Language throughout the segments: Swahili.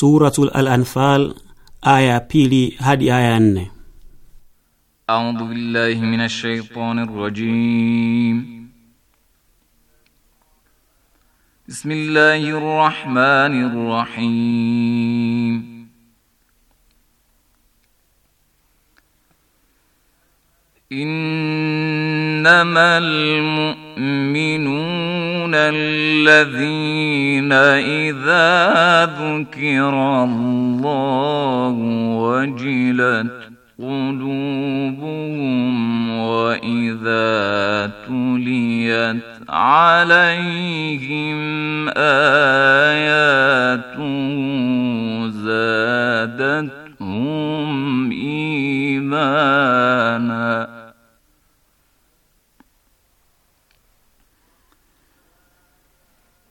Suratul Al-Anfal aya ya pili hadi aya ya nne. A'udhu billahi minash shaitani rrajim. Bismillahir rahmanir rahim. إن إنما المؤمنون الذين إذا ذكر الله وجلت قلوبهم وإذا تليت عليهم آياته زادتهم إيمانا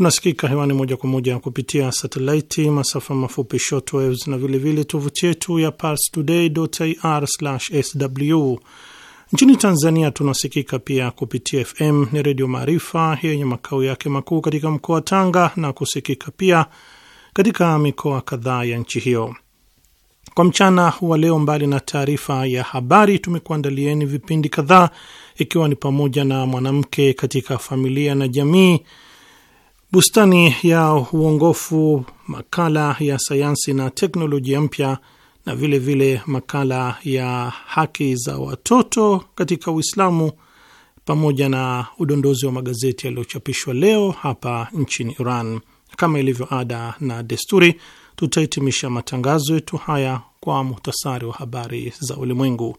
Tunasikika hewani moja kwa moja kupitia satelaiti, masafa mafupi short waves, na vilevile tovuti yetu ya parstoday.ir/sw. Nchini Tanzania tunasikika pia kupitia FM ni Redio Maarifa yenye makao yake makuu katika mkoa wa Tanga na kusikika pia katika mikoa kadhaa ya nchi hiyo. Kwa mchana wa leo, mbali na taarifa ya habari, tumekuandalieni vipindi kadhaa, ikiwa ni pamoja na mwanamke katika familia na jamii Bustani ya Uongofu, makala ya sayansi na teknolojia mpya, na vilevile vile makala ya haki za watoto katika Uislamu, pamoja na udondozi wa magazeti yaliyochapishwa leo hapa nchini Iran. Kama ilivyo ada na desturi, tutahitimisha matangazo yetu haya kwa muhtasari wa habari za ulimwengu.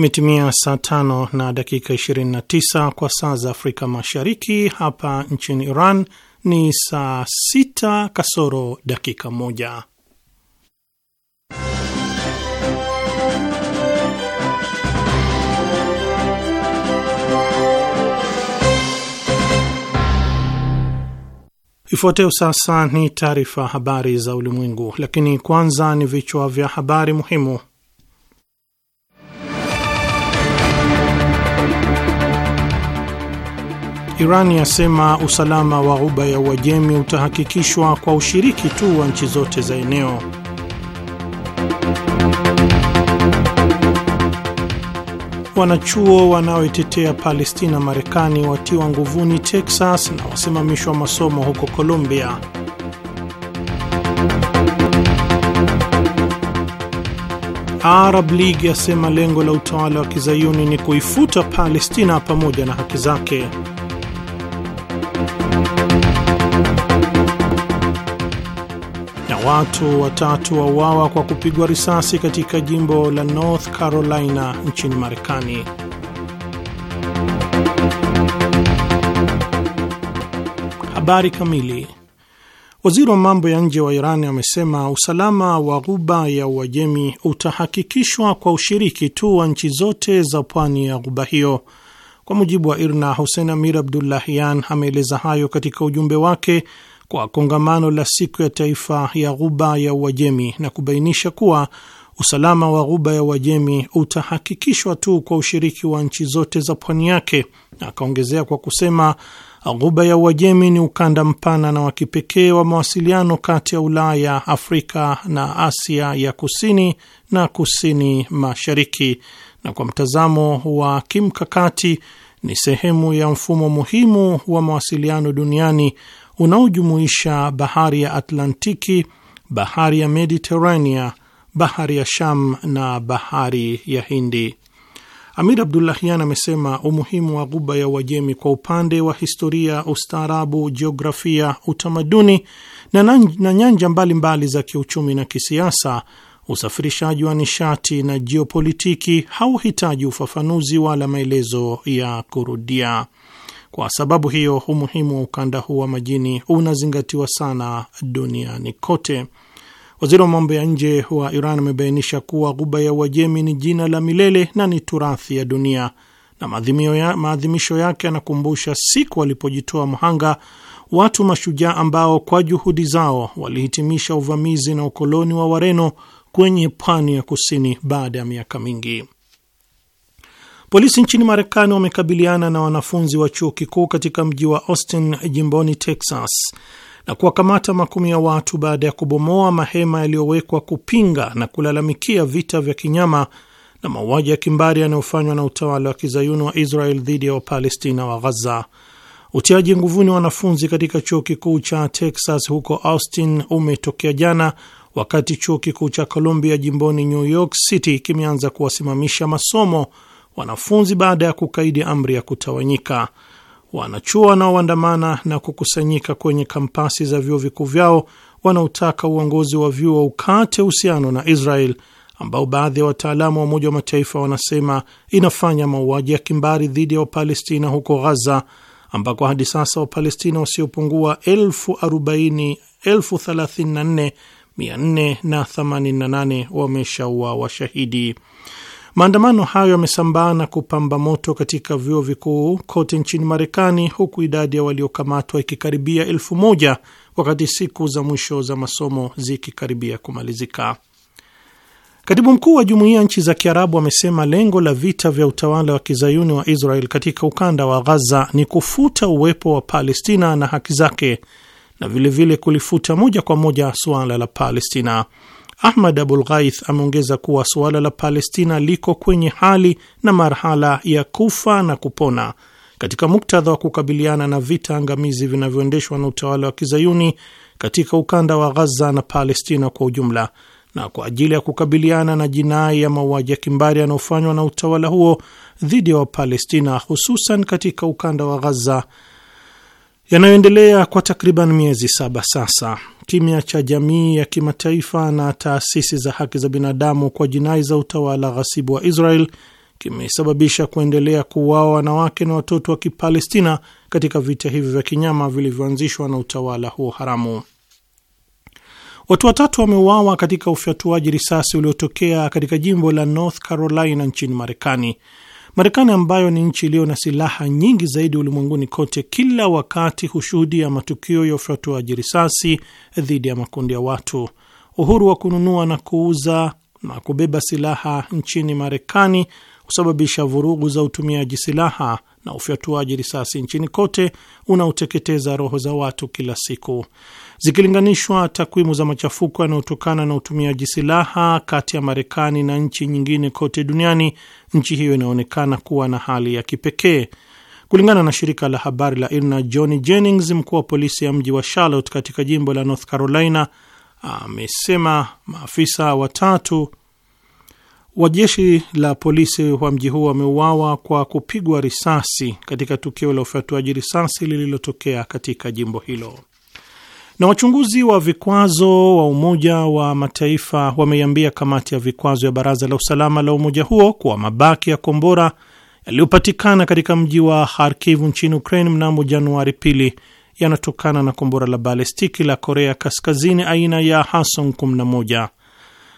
Imetimia saa tano na dakika 29 kwa saa za Afrika Mashariki. Hapa nchini Iran ni saa sita kasoro dakika moja. Ifuatayo sasa ni taarifa habari za ulimwengu, lakini kwanza ni vichwa vya habari muhimu. Iran yasema usalama wa Ghuba ya Uajemi utahakikishwa kwa ushiriki tu wa nchi zote za eneo. Wanachuo wanaoitetea Palestina Marekani watiwa nguvuni Texas na wasimamishwa masomo huko Colombia. Arab League yasema lengo la utawala wa kizayuni ni kuifuta Palestina pamoja na haki zake. watu watatu wauawa kwa kupigwa risasi katika jimbo la North Carolina nchini Marekani. Habari kamili. Waziri wa mambo ya nje wa Iran amesema usalama wa ghuba ya Uajemi utahakikishwa kwa ushiriki tu wa nchi zote za pwani ya ghuba hiyo. Kwa mujibu wa IRNA, Hussein Amir Abdullahian ameeleza hayo katika ujumbe wake kwa kongamano la siku ya taifa ya Ghuba ya Uajemi na kubainisha kuwa usalama wa Ghuba ya Uajemi utahakikishwa tu kwa ushiriki wa nchi zote za pwani yake, na akaongezea kwa kusema Ghuba ya Uajemi ni ukanda mpana na wa kipekee wa mawasiliano kati ya Ulaya, Afrika na Asia ya kusini na kusini mashariki, na kwa mtazamo wa kimkakati ni sehemu ya mfumo muhimu wa mawasiliano duniani unaojumuisha bahari ya Atlantiki, bahari ya Mediterania, bahari ya Sham na bahari ya Hindi. Amir Abdullahian amesema umuhimu wa ghuba ya Uajemi kwa upande wa historia, ustaarabu, jiografia, utamaduni na, na nyanja mbalimbali mbali za kiuchumi na kisiasa, usafirishaji wa nishati na jiopolitiki hauhitaji ufafanuzi wala maelezo ya kurudia. Kwa sababu hiyo, umuhimu wa ukanda huu wa majini unazingatiwa sana duniani kote. Waziri wa mambo ya nje wa Iran amebainisha kuwa Ghuba ya Uajemi ni jina la milele na ni turathi ya dunia, na maadhimisho yake yanakumbusha siku walipojitoa mhanga watu mashujaa ambao kwa juhudi zao walihitimisha uvamizi na ukoloni wa Wareno kwenye pwani ya kusini baada ya miaka mingi. Polisi nchini Marekani wamekabiliana na wanafunzi wa chuo kikuu katika mji wa Austin jimboni Texas na kuwakamata makumi ya watu baada ya kubomoa mahema yaliyowekwa kupinga na kulalamikia vita vya kinyama na mauaji ya kimbari yanayofanywa na utawala wa kizayuni wa Israel dhidi ya Wapalestina wa, Ghaza. Utiaji nguvuni wanafunzi katika chuo kikuu cha Texas huko Austin umetokea jana wakati chuo kikuu cha Columbia jimboni New York City kimeanza kuwasimamisha masomo wanafunzi baada ya kukaidi amri ya kutawanyika. Wanachuo wanaoandamana na kukusanyika kwenye kampasi za vyuo vikuu vyao wanaotaka uongozi wa vyuo ukate uhusiano na Israel ambao baadhi ya wataalamu wa Umoja wa Mataifa wanasema inafanya mauaji ya kimbari dhidi ya Wapalestina huko Ghaza ambako hadi sasa Wapalestina wasiopungua 34488 wameshauawa washahidi. Maandamano hayo yamesambaa na kupamba moto katika vyuo vikuu kote nchini Marekani, huku idadi ya waliokamatwa ikikaribia elfu moja wakati siku za mwisho za masomo zikikaribia kumalizika. Katibu mkuu wa jumuiya ya nchi za Kiarabu amesema lengo la vita vya utawala wa kizayuni wa Israel katika ukanda wa Ghaza ni kufuta uwepo wa Palestina na haki zake na vilevile vile kulifuta moja kwa moja suala la Palestina. Ahmad Abul Ghaith ameongeza kuwa suala la Palestina liko kwenye hali na marhala ya kufa na kupona katika muktadha wa kukabiliana na vita angamizi vinavyoendeshwa na utawala wa kizayuni katika ukanda wa Ghaza na Palestina kwa ujumla na kwa ajili ya kukabiliana na jinai ya mauaji ya kimbari yanayofanywa na utawala huo dhidi ya Wapalestina hususan katika ukanda wa Ghaza yanayoendelea kwa takriban miezi saba sasa kimya cha jamii ya kimataifa na taasisi za haki za binadamu kwa jinai za utawala ghasibu wa Israel kimesababisha kuendelea kuuawa wanawake na watoto wa Kipalestina katika vita hivyo vya kinyama vilivyoanzishwa na utawala huo haramu. Watu watatu wameuawa katika ufyatuaji risasi uliotokea katika jimbo la North Carolina nchini Marekani Marekani ambayo ni nchi iliyo na silaha nyingi zaidi ulimwenguni kote, kila wakati hushuhudia matukio ya ufyatuaji risasi dhidi ya makundi ya watu. Uhuru wa kununua na kuuza na kubeba silaha nchini Marekani husababisha vurugu za utumiaji silaha na ufyatuaji risasi nchini kote unaoteketeza roho za watu kila siku zikilinganishwa takwimu za machafuko yanayotokana na utumiaji silaha kati ya Marekani na nchi nyingine kote duniani, nchi hiyo inaonekana kuwa na hali ya kipekee. Kulingana na shirika la habari la IRNA, Johnny Jennings, mkuu wa polisi ya mji wa Charlotte katika jimbo la North Carolina, amesema maafisa watatu wa jeshi la polisi wa mji huo wameuawa kwa kupigwa risasi katika tukio la ufyatuaji risasi lililotokea katika jimbo hilo. Na wachunguzi wa vikwazo wa Umoja wa Mataifa wameiambia kamati ya vikwazo ya Baraza la Usalama la umoja huo kuwa mabaki ya kombora yaliyopatikana katika mji wa Kharkiv nchini Ukraine mnamo Januari pili yanatokana na kombora la balestiki la Korea Kaskazini aina ya hason 11.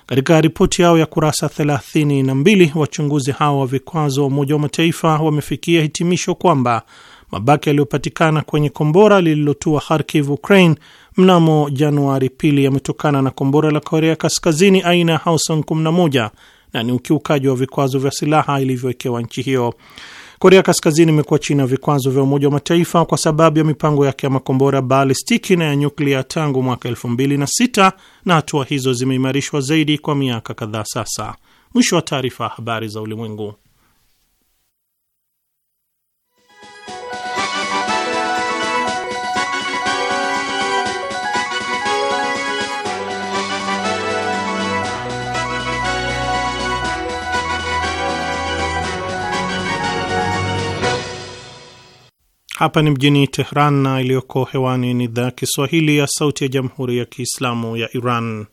Katika ripoti yao ya kurasa 32 wachunguzi hao wa vikwazo wa Umoja wa Mataifa wamefikia hitimisho kwamba mabaki yaliyopatikana kwenye kombora lililotua Kharkiv, Ukraine mnamo Januari pili yametokana na kombora la Korea Kaskazini aina ya Hwasong 11 na ni ukiukaji wa vikwazo vya silaha ilivyowekewa nchi hiyo. Korea Kaskazini imekuwa chini ya vikwazo vya Umoja wa Mataifa kwa sababu ya mipango yake ya makombora balistiki na ya nyuklia tangu mwaka elfu mbili na sita na hatua hizo zimeimarishwa zaidi kwa miaka kadhaa sasa. Mwisho wa taarifa. Habari za Ulimwengu. Hapa ni mjini Tehran na iliyoko hewani ni idhaa ya Kiswahili ya Sauti ya Jamhuri ya Kiislamu ya Iran.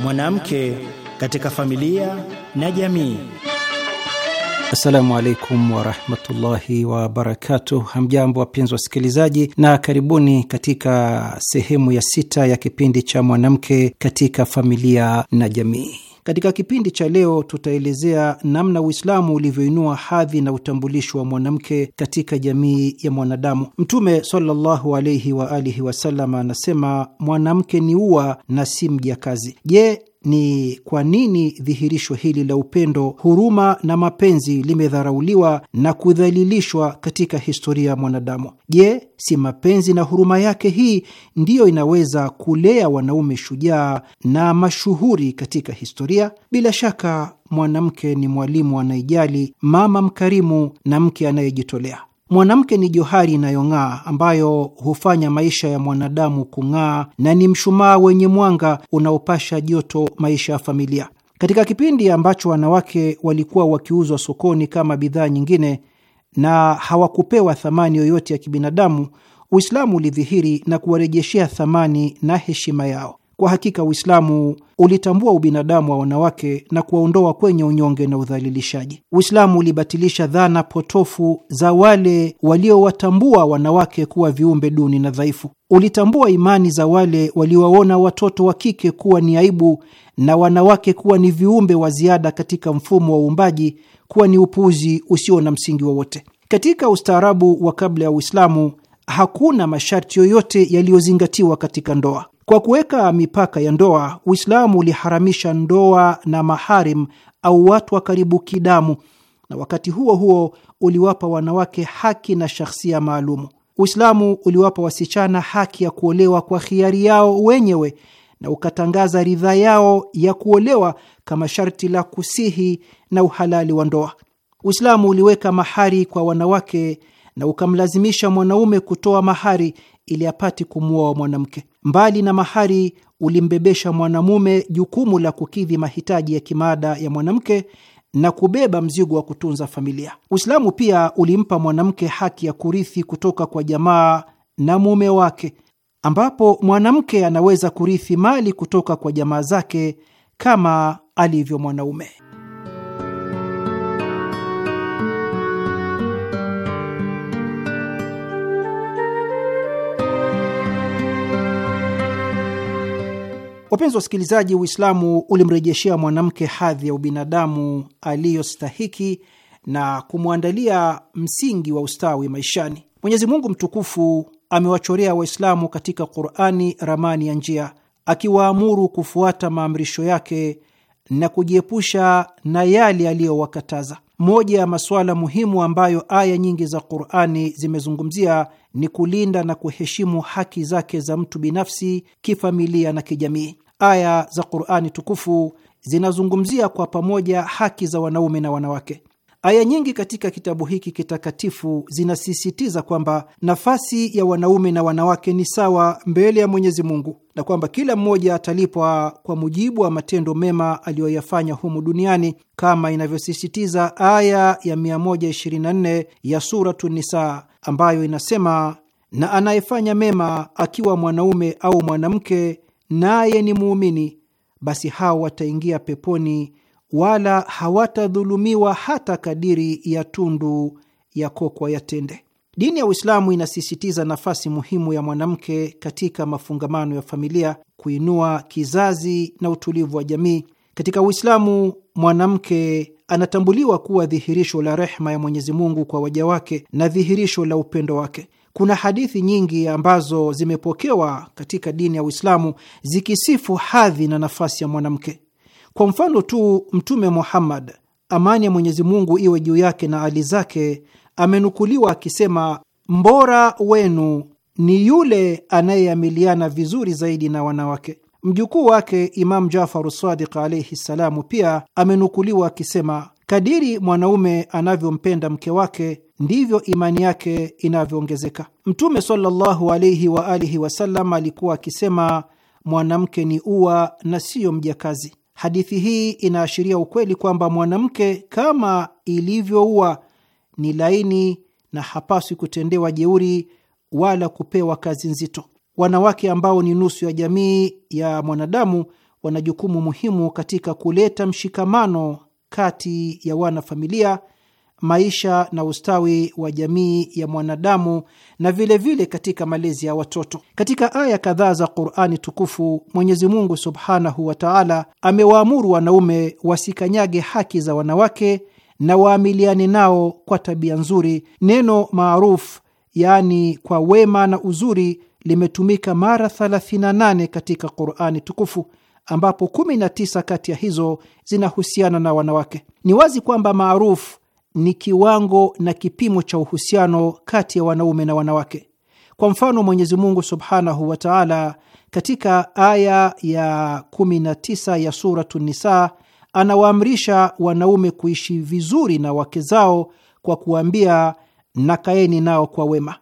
Mwanamke katika familia na jamii. Assalamu alaikum warahmatullahi wabarakatuh. Hamjambo wapenzi wasikilizaji, na karibuni katika sehemu ya sita ya kipindi cha mwanamke katika familia na jamii. Katika kipindi cha leo tutaelezea namna Uislamu ulivyoinua hadhi na utambulisho wa mwanamke katika jamii ya mwanadamu. Mtume sallallahu alaihi wa alihi wasallam anasema, mwanamke ni ua na si mjakazi. Je, ni kwa nini dhihirisho hili la upendo, huruma na mapenzi limedharauliwa na kudhalilishwa katika historia ya mwanadamu? Je, si mapenzi na huruma yake hii ndiyo inaweza kulea wanaume shujaa na mashuhuri katika historia? Bila shaka mwanamke ni mwalimu anayejali, mama mkarimu na mke anayejitolea. Mwanamke ni johari inayong'aa ambayo hufanya maisha ya mwanadamu kung'aa na ni mshumaa wenye mwanga unaopasha joto maisha ya familia. Katika kipindi ambacho wanawake walikuwa wakiuzwa sokoni kama bidhaa nyingine na hawakupewa thamani yoyote ya kibinadamu, Uislamu ulidhihiri na kuwarejeshea thamani na heshima yao. Kwa hakika Uislamu ulitambua ubinadamu wa wanawake na kuwaondoa kwenye unyonge na udhalilishaji. Uislamu ulibatilisha dhana potofu za wale waliowatambua wanawake kuwa viumbe duni na dhaifu. Ulitambua imani za wale waliowaona watoto wa kike kuwa ni aibu na wanawake kuwa ni viumbe wa ziada katika mfumo wa uumbaji kuwa ni upuuzi usio na msingi wowote. Katika ustaarabu wa kabla ya Uislamu hakuna masharti yoyote yaliyozingatiwa katika ndoa. Kwa kuweka mipaka ya ndoa, Uislamu uliharamisha ndoa na maharim au watu wa karibu kidamu, na wakati huo huo uliwapa wanawake haki na shakhsia maalumu. Uislamu uliwapa wasichana haki ya kuolewa kwa khiari yao wenyewe na ukatangaza ridhaa yao ya kuolewa kama sharti la kusihi na uhalali wa ndoa. Uislamu uliweka mahari kwa wanawake na ukamlazimisha mwanaume kutoa mahari ili apate kumwoa mwanamke. Mbali na mahari, ulimbebesha mwanamume jukumu la kukidhi mahitaji ya kimaada ya mwanamke na kubeba mzigo wa kutunza familia. Uislamu pia ulimpa mwanamke haki ya kurithi kutoka kwa jamaa na mume wake, ambapo mwanamke anaweza kurithi mali kutoka kwa jamaa zake kama alivyo mwanaume. Wapenzi wasikilizaji, Uislamu ulimrejeshea mwanamke hadhi ya ubinadamu aliyostahiki na kumwandalia msingi wa ustawi maishani. Mwenyezi Mungu mtukufu amewachorea Waislamu katika Qurani ramani ya njia, akiwaamuru kufuata maamrisho yake na kujiepusha na yale aliyowakataza. Moja ya masuala muhimu ambayo aya nyingi za Qurani zimezungumzia ni kulinda na kuheshimu haki zake za mtu binafsi, kifamilia na kijamii. Aya za Qurani tukufu zinazungumzia kwa pamoja haki za wanaume na wanawake. Aya nyingi katika kitabu hiki kitakatifu zinasisitiza kwamba nafasi ya wanaume na wanawake ni sawa mbele ya Mwenyezi Mungu na kwamba kila mmoja atalipwa kwa mujibu wa matendo mema aliyoyafanya humu duniani kama inavyosisitiza aya ya 124 ya Suratu Nisa ambayo inasema, na anayefanya mema akiwa mwanaume au mwanamke naye ni muumini, basi hao wataingia peponi wala hawatadhulumiwa hata kadiri ya tundu ya kokwa ya tende. Dini ya Uislamu inasisitiza nafasi muhimu ya mwanamke katika mafungamano ya familia, kuinua kizazi na utulivu wa jamii. Katika Uislamu, mwanamke anatambuliwa kuwa dhihirisho la rehma ya Mwenyezi Mungu kwa waja wake na dhihirisho la upendo wake kuna hadithi nyingi ambazo zimepokewa katika dini ya Uislamu zikisifu hadhi na nafasi ya mwanamke. Kwa mfano tu, Mtume Muhammad, amani ya Mwenyezi Mungu iwe juu yake na ali zake, amenukuliwa akisema, mbora wenu ni yule anayeamiliana vizuri zaidi na wanawake. Mjukuu wake Imamu Jafaru Sadiq alaihi ssalamu pia amenukuliwa akisema Kadiri mwanaume anavyompenda mke wake ndivyo imani yake inavyoongezeka. Mtume sallallahu alaihi wa alihi wasallam alikuwa akisema, mwanamke ni ua na siyo mjakazi. Hadithi hii inaashiria ukweli kwamba mwanamke kama ilivyoua ni laini na hapaswi kutendewa jeuri wala kupewa kazi nzito. Wanawake ambao ni nusu ya jamii ya mwanadamu wana jukumu muhimu katika kuleta mshikamano kati ya wanafamilia, maisha na ustawi wa jamii ya mwanadamu na vilevile vile katika malezi ya watoto. Katika aya kadhaa za Qurani Tukufu, Mwenyezi Mungu subhanahu wa taala amewaamuru wanaume wasikanyage haki za wanawake na waamiliane nao kwa tabia nzuri. Neno maaruf, yaani kwa wema na uzuri, limetumika mara 38 katika Qurani Tukufu ambapo 19 kati ya hizo zinahusiana na wanawake. Ni wazi kwamba maarufu ni kiwango na kipimo cha uhusiano kati ya wanaume na wanawake. Kwa mfano, Mwenyezi Mungu subhanahu wa taala katika aya ya 19 ya Suratu Nisa anawaamrisha wanaume kuishi vizuri na wake zao kwa kuambia nakaeni nao kwa wema.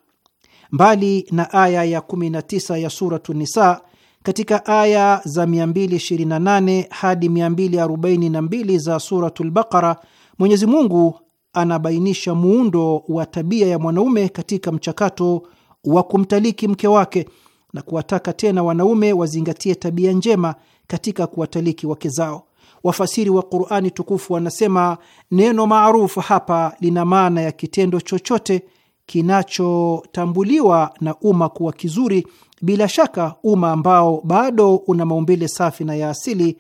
Mbali na aya ya 19 ya Suratu Nisa, katika aya za 228 hadi 242 za Suratul Baqara, Mwenyezi Mungu anabainisha muundo wa tabia ya mwanaume katika mchakato wa kumtaliki mke wake na kuwataka tena wanaume wazingatie tabia njema katika kuwataliki wake zao. Wafasiri wa Qurani tukufu wanasema neno maarufu hapa lina maana ya kitendo chochote kinachotambuliwa na umma kuwa kizuri bila shaka umma ambao bado una maumbile safi na ya asili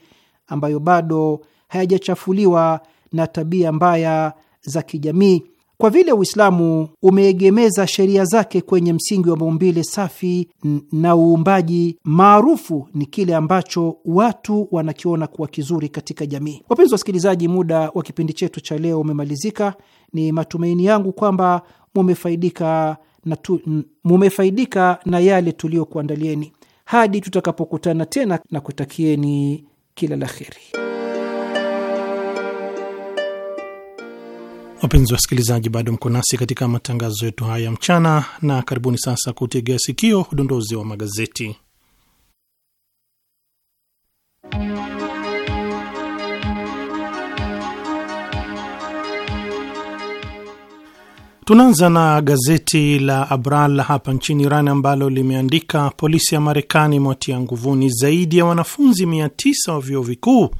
ambayo bado hayajachafuliwa na tabia mbaya za kijamii, kwa vile Uislamu umeegemeza sheria zake kwenye msingi wa maumbile safi na uumbaji maarufu ni kile ambacho watu wanakiona kuwa kizuri katika jamii. Wapenzi wasikilizaji, muda wa kipindi chetu cha leo umemalizika. Ni matumaini yangu kwamba mumefaidika na tu, mumefaidika na yale tuliyokuandalieni hadi tutakapokutana tena na kutakieni kila la kheri Wapenzi wasikilizaji, bado mko nasi katika matangazo yetu haya ya mchana, na karibuni sasa kutegea sikio udondozi wa magazeti. Tunaanza na gazeti la Abral hapa nchini Iran ambalo limeandika polisi ya Marekani imewatia nguvuni zaidi ya wanafunzi 9 wa vyuo vikuu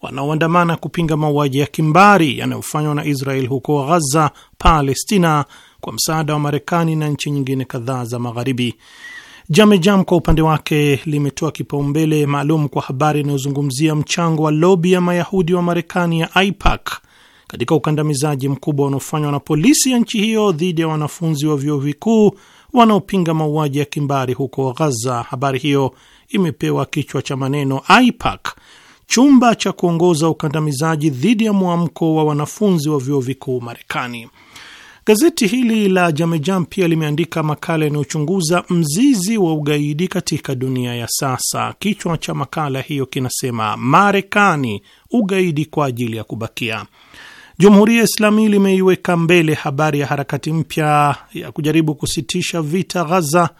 wanaoandamana kupinga mauaji ya kimbari yanayofanywa na Israel huko Ghaza, Palestina, kwa msaada wa Marekani na nchi nyingine kadhaa za Magharibi. Jamejam kwa upande wake limetoa kipaumbele maalum kwa habari inayozungumzia mchango wa lobi ya mayahudi wa Marekani ya AIPAC katika ukandamizaji mkubwa unaofanywa na polisi ya nchi hiyo dhidi ya wanafunzi wa vyuo vikuu wanaopinga mauaji ya kimbari huko Ghaza. Habari hiyo imepewa kichwa cha maneno IPAC, chumba cha kuongoza ukandamizaji dhidi ya mwamko wa wanafunzi wa vyuo vikuu Marekani. Gazeti hili la Jamejam pia limeandika makala yanayochunguza mzizi wa ugaidi katika dunia ya sasa. Kichwa cha makala hiyo kinasema Marekani, ugaidi kwa ajili ya kubakia jumhuri ya Islami limeiweka mbele habari ya harakati mpya ya kujaribu kusitisha vita Ghaza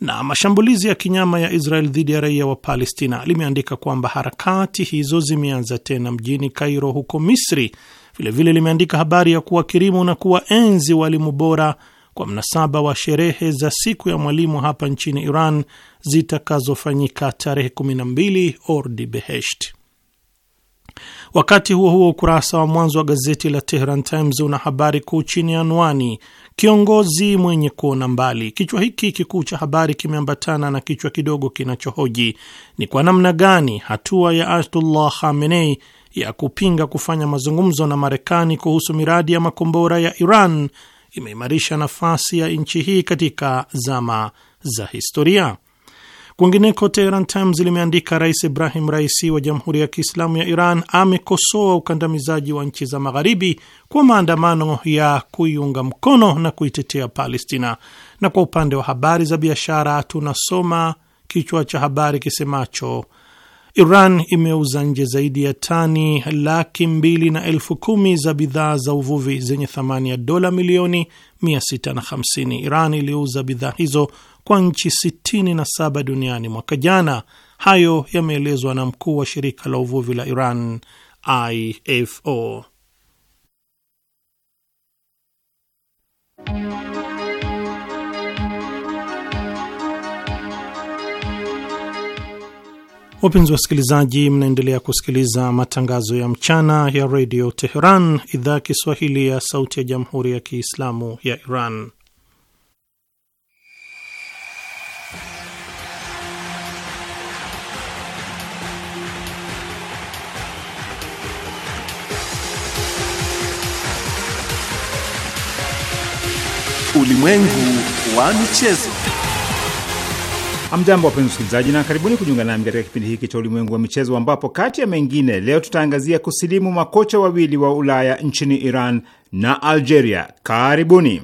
na mashambulizi ya kinyama ya Israel dhidi ya raia wa Palestina. Limeandika kwamba harakati hizo zimeanza tena mjini Kairo huko Misri. Vilevile limeandika habari ya kuwa kirimu na kuwa enzi walimu bora kwa mnasaba wa sherehe za siku ya mwalimu hapa nchini Iran zitakazofanyika tarehe 12 ordi Behesht. Wakati huo huo, ukurasa wa mwanzo wa gazeti la Tehran Times una habari kuu chini ya anwani kiongozi mwenye kuona mbali. Kichwa hiki kikuu cha habari kimeambatana na kichwa kidogo kinachohoji ni kwa namna gani hatua ya Ayatullah Khamenei ya kupinga kufanya mazungumzo na Marekani kuhusu miradi ya makombora ya Iran imeimarisha nafasi ya nchi hii katika zama za historia. Kwingineko, Teheran Times limeandika Rais Ibrahim Raisi wa Jamhuri ya Kiislamu ya Iran amekosoa ukandamizaji wa nchi za Magharibi kwa maandamano ya kuiunga mkono na kuitetea Palestina. Na kwa upande wa habari za biashara tunasoma kichwa cha habari kisemacho Iran imeuza nje zaidi ya tani laki mbili na elfu kumi za bidhaa za uvuvi zenye thamani ya dola milioni 650. Iran iliuza bidhaa hizo kwa nchi 67 duniani mwaka jana. Hayo yameelezwa na mkuu wa shirika la uvuvi la Iran IFO. Wapenzi wasikilizaji, mnaendelea kusikiliza matangazo ya mchana ya redio Teheran, idhaa ya Kiswahili ya sauti ya jamhuri ya Kiislamu ya Iran. Ulimwengu wa michezo. Hamjambo, wapenzi msikilizaji, na karibuni kujiunga nami katika kipindi hiki cha ulimwengu wa michezo, ambapo kati ya mengine leo tutaangazia kusilimu makocha wawili wa Ulaya nchini Iran na Algeria. Karibuni.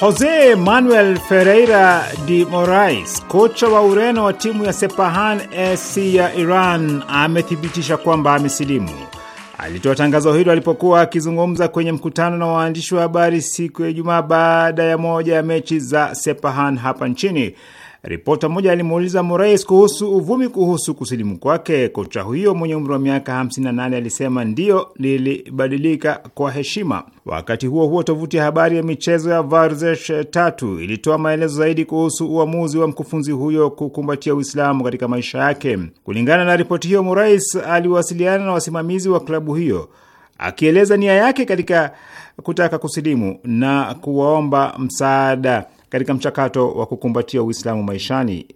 Jose Manuel Ferreira de Morais, kocha wa Ureno wa timu ya Sepahan SC ya Iran, amethibitisha kwamba amesilimu. Alitoa tangazo hilo alipokuwa akizungumza kwenye mkutano na waandishi wa habari siku ya Ijumaa baada ya moja ya mechi za Sepahan hapa nchini. Ripota mmoja alimuuliza Morais kuhusu uvumi kuhusu kusilimu kwake. Kocha huyo mwenye umri wa miaka 58 alisema ndiyo, lilibadilika kwa heshima. Wakati huo huo, tovuti ya habari ya michezo ya Varzesh tatu ilitoa maelezo zaidi kuhusu uamuzi wa mkufunzi huyo kukumbatia Uislamu katika maisha yake. Kulingana na ripoti hiyo, Morais aliwasiliana na wasimamizi wa klabu hiyo akieleza nia yake katika kutaka kusilimu na kuwaomba msaada katika mchakato wa kukumbatia Uislamu maishani.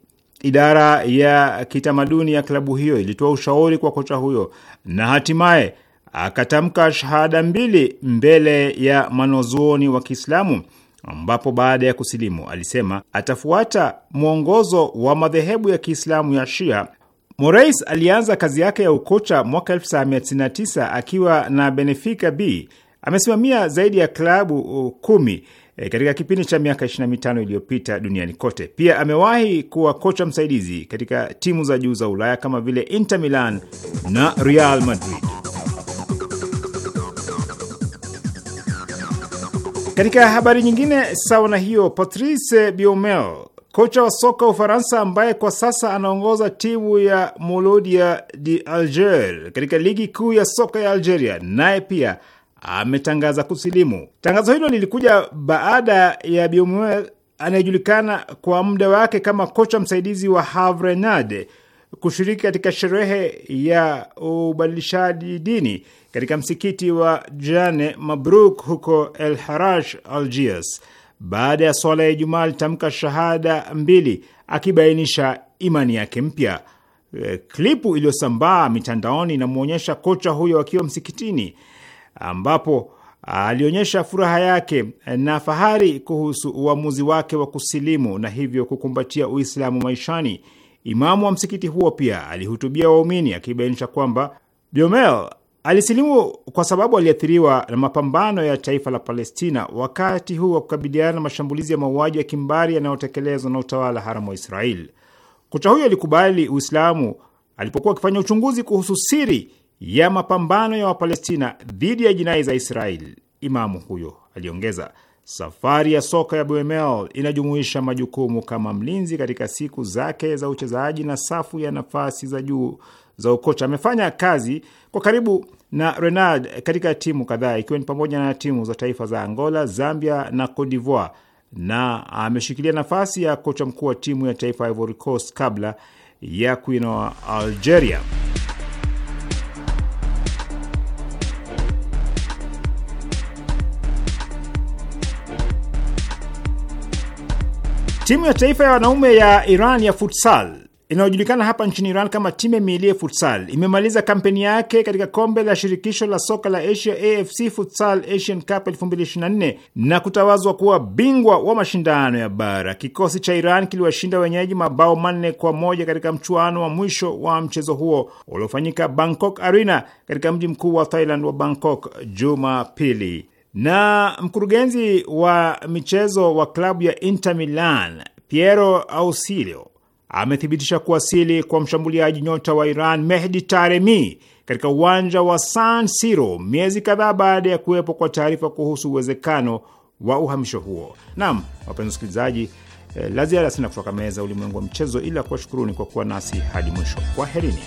Idara ya kitamaduni ya klabu hiyo ilitoa ushauri kwa kocha huyo na hatimaye akatamka shahada mbili mbele ya mwanazuoni wa Kiislamu, ambapo baada ya kusilimu alisema atafuata mwongozo wa madhehebu ya Kiislamu ya Shia. Morais alianza kazi yake ya ukocha mwaka 1999 akiwa na Benfica B. Amesimamia zaidi ya klabu kumi e, katika kipindi cha miaka 25 iliyopita duniani kote. Pia amewahi kuwa kocha msaidizi katika timu za juu za Ulaya kama vile Inter Milan na Real Madrid. Katika habari nyingine sawa na hiyo, Patrice Biomel, kocha wa soka wa Ufaransa ambaye kwa sasa anaongoza timu ya molodia de Alger katika ligi kuu ya soka ya Algeria, naye pia ametangaza kusilimu. Tangazo hilo lilikuja baada ya Biomwe anayejulikana kwa muda wake kama kocha msaidizi wa Havre kushiriki katika sherehe ya ubadilishaji dini katika msikiti wa Jane Mabruk huko El Haraj, Algiers. Baada ya swala ya Ijumaa alitamka shahada mbili akibainisha imani yake mpya. Eh, klipu iliyosambaa mitandaoni inamwonyesha kocha huyo akiwa msikitini ambapo alionyesha furaha yake na fahari kuhusu uamuzi wake wa kusilimu na hivyo kukumbatia Uislamu maishani. Imamu wa msikiti huo pia alihutubia waumini akibainisha kwamba Biomel alisilimu kwa sababu aliathiriwa na mapambano ya taifa la Palestina wakati huu wa kukabiliana na mashambulizi ya mauaji ya kimbari yanayotekelezwa na utawala haramu wa Israeli. Kocha huyo alikubali Uislamu alipokuwa akifanya uchunguzi kuhusu siri ya mapambano ya Wapalestina dhidi ya jinai za Israeli. Imamu huyo aliongeza, safari ya soka ya BML inajumuisha majukumu kama mlinzi katika siku zake za uchezaji na safu ya nafasi za juu za ukocha. Amefanya kazi kwa karibu na Renard katika timu kadhaa ikiwa ni pamoja na timu za taifa za Angola, Zambia na Cote d'Ivoire, na ameshikilia nafasi ya kocha mkuu wa timu ya taifa ya Ivory Coast kabla ya kuinoa Algeria. Timu ya taifa ya wanaume ya Iran ya futsal inayojulikana hapa nchini Iran kama Time Milie Futsal imemaliza kampeni yake katika kombe la shirikisho la soka la Asia AFC Futsal Asian Cup 2024 na kutawazwa kuwa bingwa wa mashindano ya bara. Kikosi cha Iran kiliwashinda wenyeji mabao manne kwa moja katika mchuano wa mwisho wa mchezo huo uliofanyika Bangkok Arena katika mji mkuu wa Thailand wa Bangkok Jumapili na mkurugenzi wa michezo wa klabu ya Inter Milan Piero Ausilio amethibitisha kuwasili kwa mshambuliaji nyota wa Iran Mehdi Taremi katika uwanja wa San Siro miezi kadhaa baada ya kuwepo kwa taarifa kuhusu uwezekano wa uhamisho huo. Naam, wapenzi wasikilizaji, eh, la ziada sina kutoka meza ulimwengu wa michezo, ila kuwashukuruni kwa kuwa nasi hadi mwisho. Kwaherini.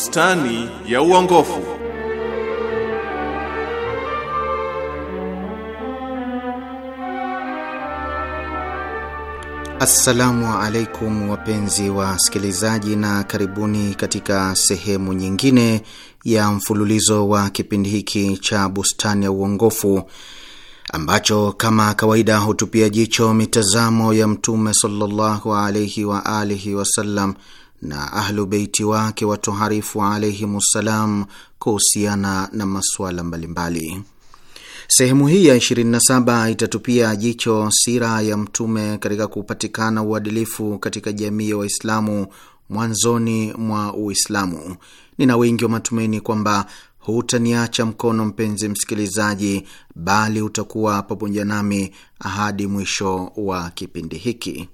bustani ya uongofu. Assalamu alaikum wapenzi wa sikilizaji, na karibuni katika sehemu nyingine ya mfululizo wa kipindi hiki cha bustani ya uongofu ambacho kama kawaida hutupia jicho mitazamo ya Mtume sallallahu alaihi wa alihi wasallam na Ahlu Beiti wake watoharifu ssalam kuhusiana na masuala mbalimbali. Sehemu hii ya 27 itatupia jicho sira ya Mtume katika kupatikana uadilifu katika jamii ya Waislamu mwanzoni mwa Uislamu. Nina wingi wa matumaini kwamba hutaniacha mkono, mpenzi msikilizaji, bali utakuwa pamoja nami hadi mwisho wa kipindi hiki.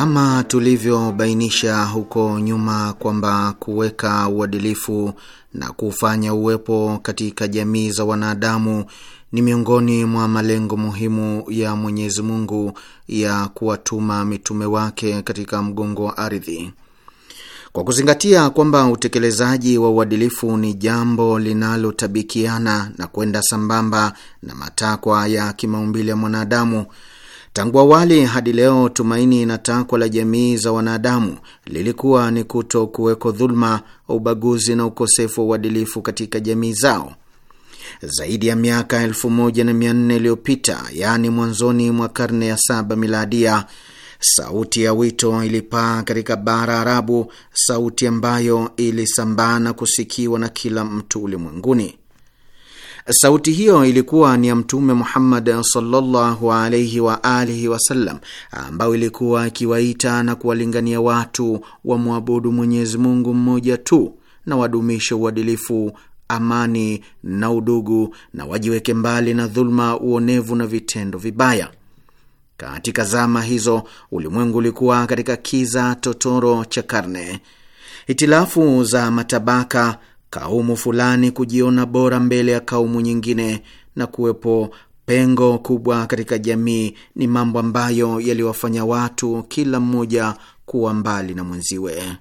Kama tulivyobainisha huko nyuma kwamba kuweka uadilifu na kufanya uwepo katika jamii za wanadamu ni miongoni mwa malengo muhimu ya Mwenyezi Mungu ya kuwatuma mitume wake katika mgongo wa ardhi. Kwa kuzingatia kwamba utekelezaji wa uadilifu ni jambo linalotabikiana na kwenda sambamba na matakwa ya kimaumbili ya mwanadamu Tangu awali hadi leo, tumaini na takwa la jamii za wanadamu lilikuwa ni kuto kuweko dhuluma, ubaguzi na ukosefu wa uadilifu katika jamii zao. Zaidi ya miaka elfu moja na mia nne iliyopita, yaani mwanzoni mwa karne ya saba miladia, sauti ya wito ilipaa katika bara Arabu, sauti ambayo ilisambaa na kusikiwa na kila mtu ulimwenguni. Sauti hiyo ilikuwa ni ya Mtume Muhammad sallallahu alaihi wa alihi wasallam, ambayo ilikuwa akiwaita na kuwalingania watu wamwabudu Mwenyezi Mungu mmoja tu na wadumishe uadilifu, amani na udugu, na wajiweke mbali na dhuluma, uonevu na vitendo vibaya. Katika zama hizo ulimwengu ulikuwa katika kiza totoro cha karne. Hitilafu za matabaka kaumu fulani kujiona bora mbele ya kaumu nyingine na kuwepo pengo kubwa katika jamii ni mambo ambayo yaliwafanya watu kila mmoja kuwa mbali na mwenziwe.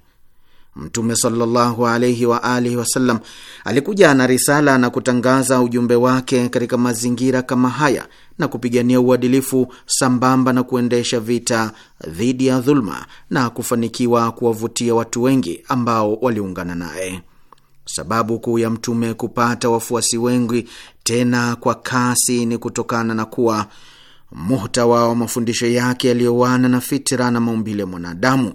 Mtume sallallahu alaihi wa alihi wasallam alikuja na risala na kutangaza ujumbe wake katika mazingira kama haya na kupigania uadilifu sambamba na kuendesha vita dhidi ya dhuluma na kufanikiwa kuwavutia watu wengi ambao waliungana naye. Sababu kuu ya Mtume kupata wafuasi wengi tena kwa kasi ni kutokana na kuwa muhtawa wa mafundisho yake yaliyowana na fitira na maumbile ya mwanadamu.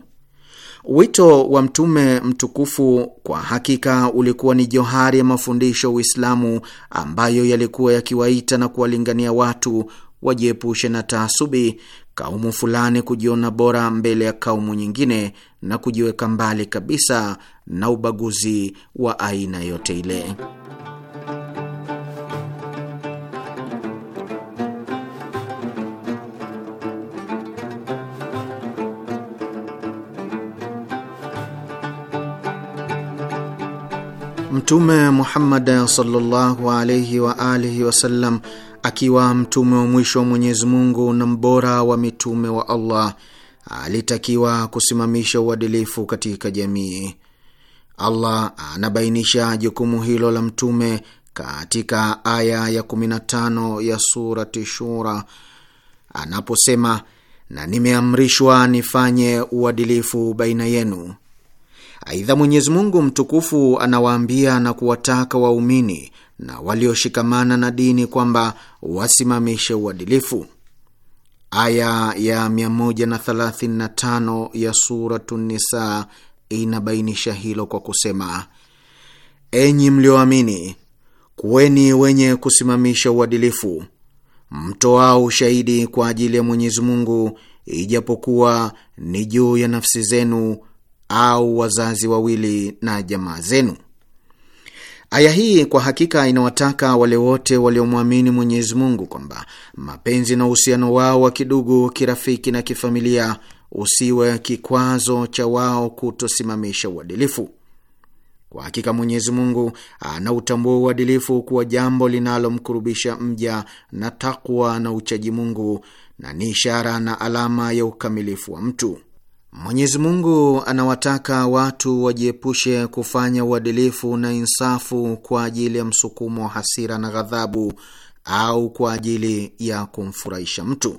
Wito wa Mtume mtukufu kwa hakika ulikuwa ni johari ya mafundisho Uislamu ambayo yalikuwa yakiwaita na kuwalingania watu wajiepushe na taasubi kaumu fulani kujiona bora mbele ya kaumu nyingine na kujiweka mbali kabisa na ubaguzi wa aina yote ile. Mtume Muhammad sallallahu alaihi wa alihi wasallam akiwa mtume wa mwisho wa Mwenyezi Mungu na mbora wa mitume wa Allah, alitakiwa kusimamisha uadilifu katika jamii. Allah anabainisha jukumu hilo la mtume katika aya ya 15 ya surati Shura anaposema, na nimeamrishwa nifanye uadilifu baina yenu. Aidha, Mwenyezi Mungu mtukufu anawaambia na kuwataka waumini na walioshikamana na dini kwamba wasimamishe uadilifu. Aya ya 135 ya Suratu Nisa inabainisha hilo kwa kusema: enyi mlioamini, kuweni wenye kusimamisha uadilifu, mtoao ushahidi kwa ajili ya Mwenyezi Mungu, ijapokuwa ni juu ya nafsi zenu au wazazi wawili na jamaa zenu Aya hii kwa hakika inawataka wale wote waliomwamini Mwenyezi Mungu kwamba mapenzi na uhusiano wao wa kidugu, kirafiki na kifamilia usiwe kikwazo cha wao kutosimamisha uadilifu. Kwa hakika Mwenyezi Mungu anautambua uadilifu kuwa jambo linalomkurubisha mja na takwa na uchaji Mungu, na ni ishara na alama ya ukamilifu wa mtu. Mwenyezi Mungu anawataka watu wajiepushe kufanya uadilifu na insafu kwa ajili ya msukumo wa hasira na ghadhabu au kwa ajili ya kumfurahisha mtu.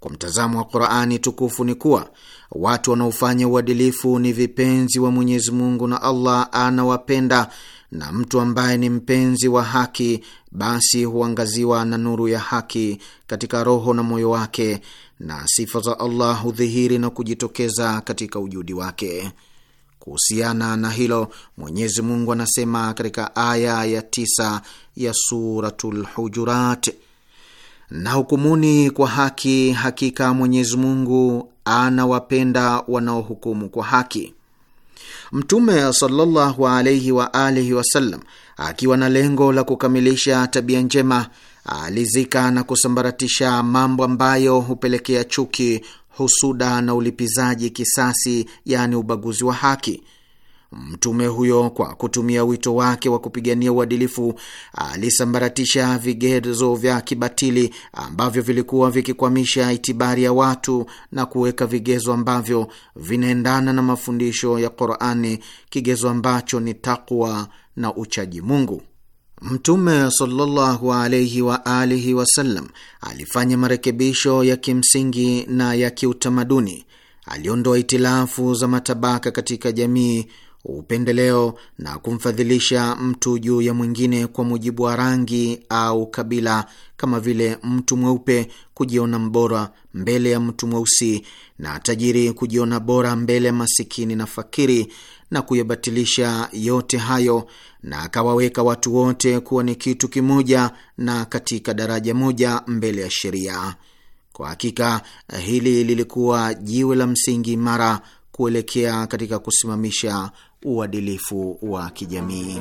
Kwa mtazamo wa Qur'ani tukufu ni kuwa watu wanaofanya uadilifu ni vipenzi wa Mwenyezi Mungu na Allah anawapenda, na mtu ambaye ni mpenzi wa haki basi huangaziwa na nuru ya haki katika roho na moyo wake na sifa za Allah hudhihiri na kujitokeza katika ujudi wake. Kuhusiana na hilo, Mwenyezi Mungu anasema katika aya ya tisa ya Suratul Hujurat, na hukumuni kwa haki, hakika Mwenyezi Mungu anawapenda wanaohukumu kwa haki. Mtume sallallahu alaihi wa alihi wasallam akiwa na lengo la kukamilisha tabia njema alizika na kusambaratisha mambo ambayo hupelekea chuki, husuda na ulipizaji kisasi, yaani ubaguzi wa haki. Mtume huyo kwa kutumia wito wake wa kupigania uadilifu alisambaratisha vigezo vya kibatili ambavyo vilikuwa vikikwamisha itibari ya watu na kuweka vigezo ambavyo vinaendana na mafundisho ya Qur'ani, kigezo ambacho ni takwa na uchaji Mungu. Mtume sallallahu wa alihi wasallam alifanya marekebisho ya kimsingi na ya kiutamaduni. Aliondoa itilafu za matabaka katika jamii, upendeleo na kumfadhilisha mtu juu ya mwingine kwa mujibu wa rangi au kabila, kama vile mtu mweupe kujiona mbora mbele ya mtu mweusi na tajiri kujiona bora mbele ya masikini na fakiri na kuyabatilisha yote hayo na akawaweka watu wote kuwa ni kitu kimoja na katika daraja moja mbele ya sheria. Kwa hakika hili lilikuwa jiwe la msingi imara kuelekea katika kusimamisha uadilifu wa kijamii.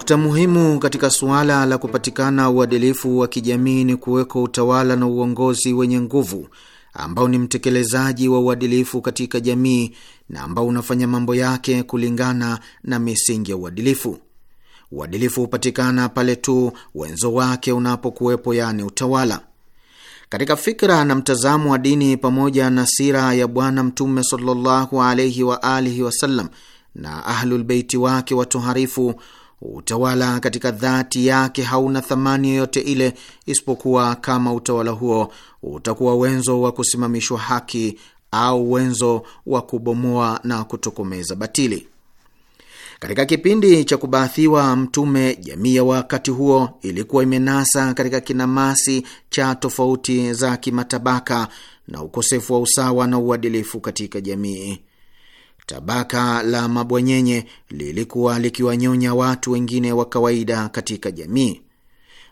Nukta muhimu katika suala la kupatikana uadilifu wa kijamii ni kuwekwa utawala na uongozi wenye nguvu ambao ni mtekelezaji wa uadilifu katika jamii na ambao unafanya mambo yake kulingana na misingi ya uadilifu. Uadilifu hupatikana pale tu wenzo wake unapokuwepo, yaani utawala. Katika fikra na mtazamo wa dini pamoja na sira ya Bwana Mtume sallallahu alaihi wa alihi wasallam na Ahlulbeiti wake watoharifu Utawala katika dhati yake hauna thamani yoyote ile, isipokuwa kama utawala huo utakuwa wenzo wa kusimamishwa haki au wenzo wa kubomoa na kutokomeza batili. Katika kipindi cha kubaathiwa Mtume, jamii ya wakati huo ilikuwa imenasa katika kinamasi cha tofauti za kimatabaka na ukosefu wa usawa na uadilifu katika jamii tabaka la mabwanyenye lilikuwa likiwanyonya watu wengine wa kawaida katika jamii.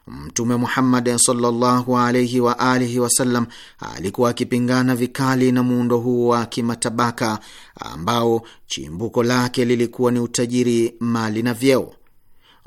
Mtume Muhammad sallallahu alaihi wa alihi wasallam alikuwa akipingana vikali na muundo huu wa kimatabaka ambao chimbuko lake lilikuwa ni utajiri, mali na vyeo.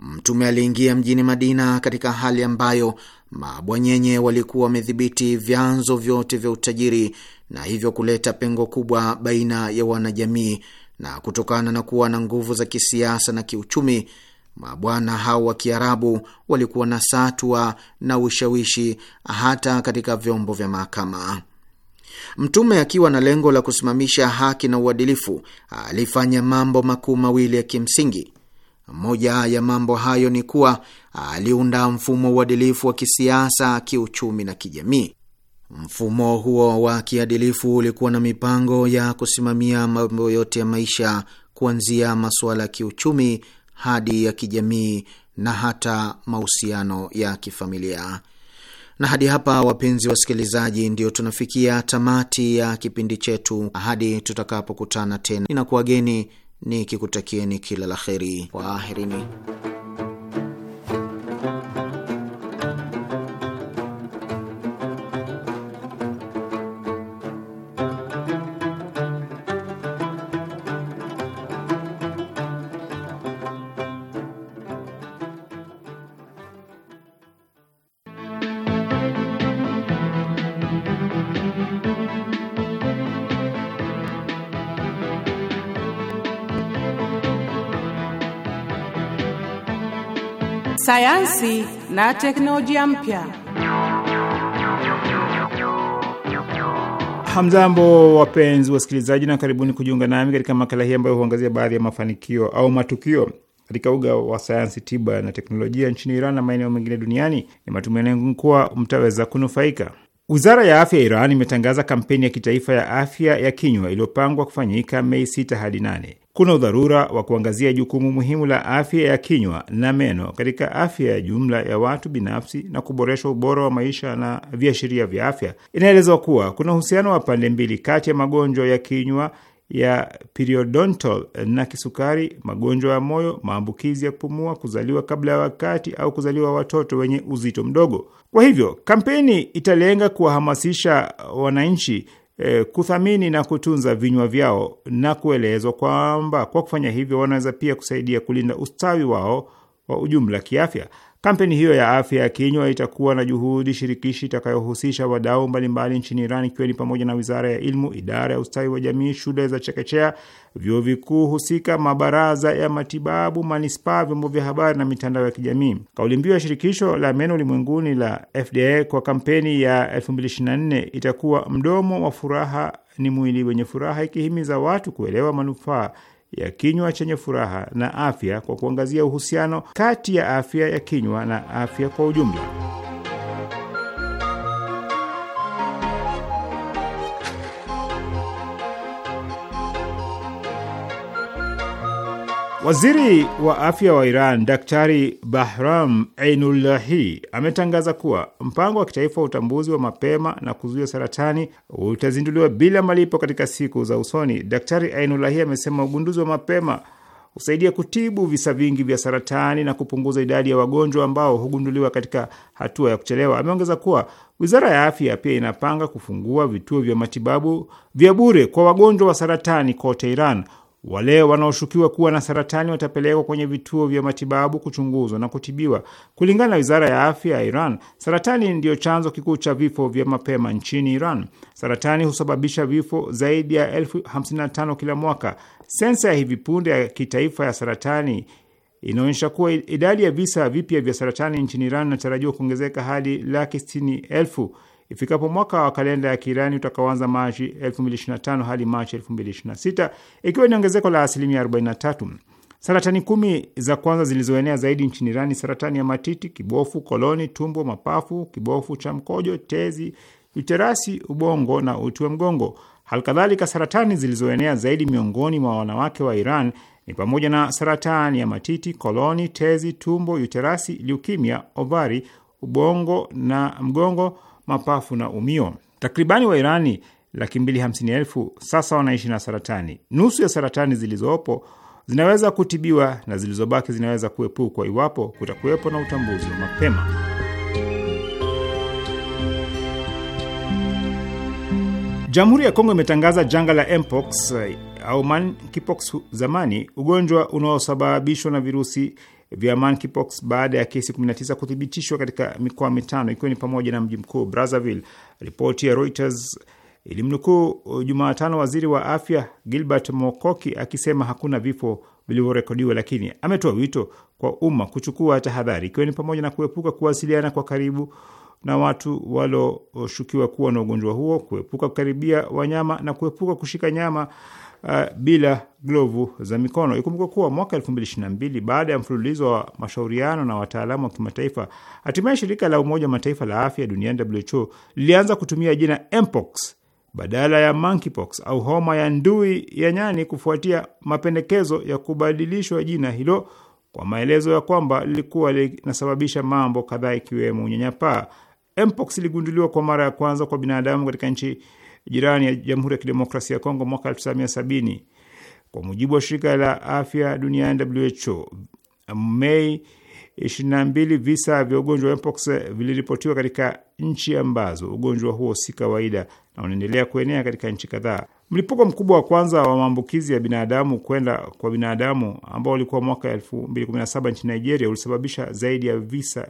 Mtume aliingia mjini Madina katika hali ambayo mabwanyenye walikuwa wamedhibiti vyanzo vyote vya utajiri na hivyo kuleta pengo kubwa baina ya wanajamii. Na kutokana na kuwa na nguvu za kisiasa na kiuchumi, mabwana hao wa Kiarabu walikuwa na satwa na ushawishi hata katika vyombo vya mahakama. Mtume akiwa na lengo la kusimamisha haki na uadilifu, alifanya mambo makuu mawili ya kimsingi. Moja ya mambo hayo ni kuwa aliunda mfumo uadilifu wa kisiasa, kiuchumi na kijamii. Mfumo huo wa kiadilifu ulikuwa na mipango ya kusimamia mambo yote ya maisha, kuanzia masuala ya kiuchumi hadi ya kijamii na hata mahusiano ya kifamilia. Na hadi hapa, wapenzi wasikilizaji, ndio tunafikia tamati ya kipindi chetu. Hadi tutakapokutana tena, ninakuwageni nikikutakieni kila la kheri. Waahirini. sayansi na teknolojia mpya. Hamzambo, wapenzi wasikilizaji, na karibuni kujiunga nami katika makala hii ambayo huangazia baadhi ya mafanikio au matukio katika uga wa sayansi tiba na teknolojia nchini Iran na maeneo mengine duniani. Ni matumaini yangu kuwa mtaweza kunufaika. Wizara ya afya ya Iran imetangaza kampeni ya kitaifa ya afya ya kinywa iliyopangwa kufanyika Mei 6 hadi kuna udharura wa kuangazia jukumu muhimu la afya ya kinywa na meno katika afya ya jumla ya watu binafsi na kuboresha ubora wa maisha na viashiria vya afya. Inaelezwa kuwa kuna uhusiano wa pande mbili kati ya magonjwa ya kinywa ya periodontal na kisukari, magonjwa ya moyo, maambukizi ya kupumua, kuzaliwa kabla ya wakati au kuzaliwa watoto wenye uzito mdogo. Kwa hivyo kampeni italenga kuwahamasisha wananchi E, kuthamini na kutunza vinywa vyao na kuelezwa kwamba kwa kufanya hivyo wanaweza pia kusaidia kulinda ustawi wao wa ujumla kiafya. Kampeni hiyo ya afya ya kinywa itakuwa na juhudi shirikishi itakayohusisha wadau mbalimbali nchini Iran, ikiwa ni pamoja na wizara ya elimu, idara ya ustawi wa jamii, shule za chekechea, vyuo vikuu husika, mabaraza ya matibabu, manispaa, vyombo vya habari na mitandao ya kijamii. Kauli mbiu ya shirikisho la meno ulimwenguni la FDA kwa kampeni ya 2024 itakuwa mdomo wa furaha ni mwili wenye furaha, ikihimiza watu kuelewa manufaa ya kinywa chenye furaha na afya kwa kuangazia uhusiano kati ya afya ya kinywa na afya kwa ujumla. Waziri wa afya wa Iran Daktari Bahram Einullahi ametangaza kuwa mpango wa kitaifa wa utambuzi wa mapema na kuzuia saratani utazinduliwa bila malipo katika siku za usoni. Daktari Einullahi amesema ugunduzi wa mapema husaidia kutibu visa vingi vya saratani na kupunguza idadi ya wagonjwa ambao hugunduliwa katika hatua ya kuchelewa. Ameongeza kuwa wizara ya afya pia inapanga kufungua vituo vya matibabu vya bure kwa wagonjwa wa saratani kote Iran. Wale wanaoshukiwa kuwa na saratani watapelekwa kwenye vituo vya matibabu kuchunguzwa na kutibiwa. Kulingana na wizara ya afya ya Iran, saratani ndiyo chanzo kikuu cha vifo vya mapema nchini Iran. Saratani husababisha vifo zaidi ya elfu hamsini na tano kila mwaka. Sensa ya hivi punde ya kitaifa ya saratani inaonyesha kuwa idadi ya visa vipya vya saratani nchini Iran inatarajiwa kuongezeka hadi laki sitini elfu ifikapo mwaka wa kalenda ya Kiirani utakaoanza Machi 2025 hadi Machi 2026, ikiwa ni ongezeko la asilimia 43. Saratani kumi za kwanza zilizoenea zaidi nchini Iran saratani ya matiti, kibofu, koloni, tumbo, mapafu, kibofu cha mkojo, tezi, uterasi, ubongo na uti wa mgongo. Halikadhalika, saratani zilizoenea zaidi miongoni mwa wanawake wa Iran ni pamoja na saratani ya matiti, koloni, tezi, tumbo, uterasi, liukimia, ovari, ubongo na mgongo mapafu na umio. Takribani Wairani laki mbili hamsini elfu sasa wanaishi na saratani. Nusu ya saratani zilizopo zinaweza kutibiwa na zilizobaki zinaweza kuepukwa iwapo kutakuwepo na utambuzi wa mapema. Jamhuri ya Kongo imetangaza janga la mpox eh, au monkeypox zamani, ugonjwa unaosababishwa na virusi vya monkeypox baada ya kesi 19 kuthibitishwa katika mikoa mitano ikiwa ni pamoja na mji mkuu Brazzaville. Ripoti ya Reuters ilimnukuu uh, Jumatano waziri wa afya Gilbert Mokoki akisema hakuna vifo vilivyorekodiwa, lakini ametoa wito kwa umma kuchukua tahadhari, ikiwa ni pamoja na kuepuka kuwasiliana kwa karibu na watu walioshukiwa kuwa na ugonjwa huo, kuepuka kukaribia wanyama na kuepuka kushika nyama uh, bila glovu za mikono. ikumbuka kuwa mwaka mbili baada ya mfululizo wa mashauriano na wataalamu wa kimataifa, hatimaye shirika la Umoja wa Mataifa la afya duniani WHO lilianza kutumia jina mpox badala ya monkeypox au homa ya ndui ya nyani kufuatia mapendekezo ya kubadilishwa jina hilo kwa maelezo ya kwamba lilikuwa linasababisha mambo kadhaa ikiwemo unyanyapaa. Mpox iligunduliwa kwa mara ya kwanza kwa binadamu katika nchi jirani ya Jamhuri ya Kidemokrasia ya Kongo mwaka 1970. Kwa mujibu wa shirika la afya duniani WHO, Mei 22 visa vya ugonjwa wa mpox viliripotiwa katika nchi ambazo ugonjwa huo si kawaida na unaendelea kuenea katika nchi kadhaa. Mlipuko mkubwa wa kwanza wa maambukizi ya binadamu kwenda kwa binadamu ambao ulikuwa mwaka 2017 nchini Nigeria ulisababisha zaidi ya visa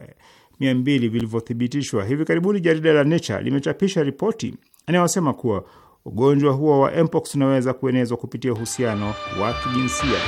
200 vilivyothibitishwa. Hivi karibuni jarida la Nature limechapisha ripoti anayewasema kuwa ugonjwa huo wa mpox unaweza kuenezwa kupitia uhusiano wa kijinsia.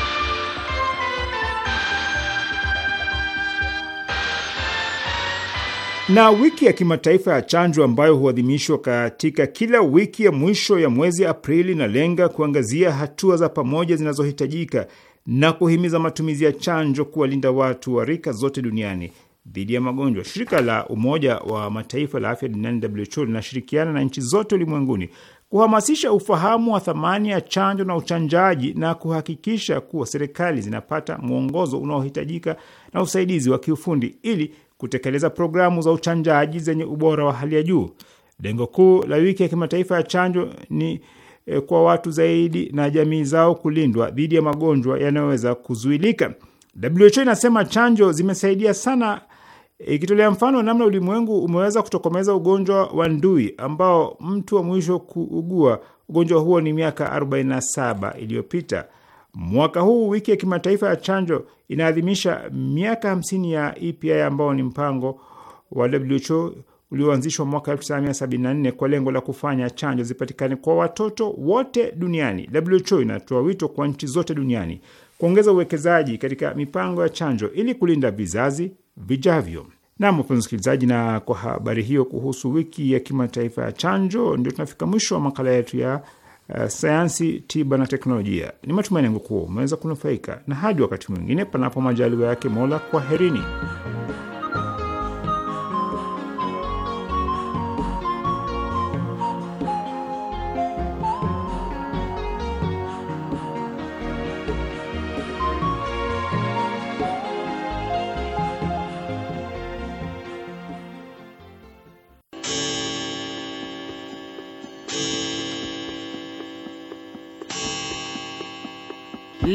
Na wiki ya kimataifa ya chanjo ambayo huadhimishwa katika kila wiki ya mwisho ya mwezi Aprili inalenga kuangazia hatua za pamoja zinazohitajika na kuhimiza matumizi ya chanjo kuwalinda watu wa rika zote duniani dhidi ya magonjwa. Shirika la Umoja wa Mataifa la afya duniani WHO linashirikiana na nchi zote ulimwenguni kuhamasisha ufahamu wa thamani ya chanjo na uchanjaji na kuhakikisha kuwa serikali zinapata mwongozo unaohitajika na usaidizi wa kiufundi ili kutekeleza programu za uchanjaji zenye ubora wa hali ya juu. Lengo kuu la wiki ya kimataifa ya chanjo ni e, kwa watu zaidi na jamii zao kulindwa dhidi ya magonjwa yanayoweza kuzuilika. WHO inasema chanjo zimesaidia sana ikitolea mfano namna ulimwengu umeweza kutokomeza ugonjwa wa ndui ambao mtu wa mwisho kuugua ugonjwa huo ni miaka 47 iliyopita. Mwaka huu wiki ya kimataifa ya chanjo inaadhimisha miaka 50 ya EPI ambao ni mpango wa WHO ulioanzishwa mwaka 1974 kwa lengo la kufanya chanjo zipatikane kwa watoto wote duniani. WHO inatoa wito kwa nchi zote duniani kuongeza uwekezaji katika mipango ya chanjo ili kulinda vizazi vijavyo. Nam wapenzi msikilizaji, na kwa habari hiyo kuhusu wiki ya kimataifa ya chanjo, ndio tunafika mwisho wa makala yetu ya uh, sayansi, tiba na teknolojia. Ni matumaini yangu kuwa umeweza kunufaika, na hadi wakati mwingine, panapo majaliwa yake Mola, kwaherini.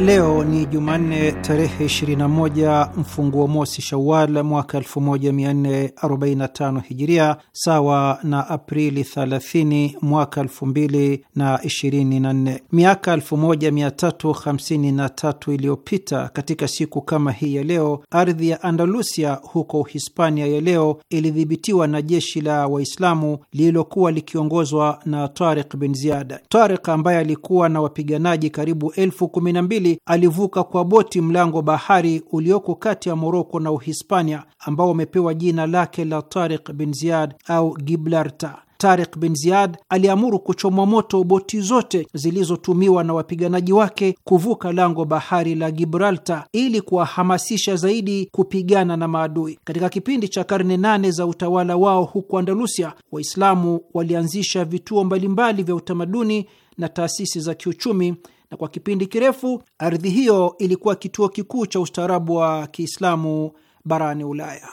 Leo ni Jumanne tarehe 21 mfunguo mosi Shawal mwaka 1445 Hijiria, sawa na Aprili 30 mwaka 2024. Miaka 1353 iliyopita katika siku kama hii ya leo, ardhi ya Andalusia huko Hispania ya leo ilidhibitiwa na jeshi la Waislamu lililokuwa likiongozwa na Tariq bin Ziyad. Tariq ambaye alikuwa na wapiganaji karibu elfu kumi na mbili Kiswahili alivuka kwa boti mlango bahari ulioko kati ya Moroko na Uhispania ambao wamepewa jina lake la Tariq bin Ziyad au Gibraltar. Tariq bin Ziyad aliamuru kuchomwa moto boti zote zilizotumiwa na wapiganaji wake kuvuka lango bahari la Gibraltar ili kuwahamasisha zaidi kupigana na maadui. Katika kipindi cha karne nane za utawala wao huko Andalusia, Waislamu walianzisha vituo mbalimbali vya utamaduni na taasisi za kiuchumi na kwa kipindi kirefu ardhi hiyo ilikuwa kituo kikuu cha ustaarabu wa Kiislamu barani Ulaya.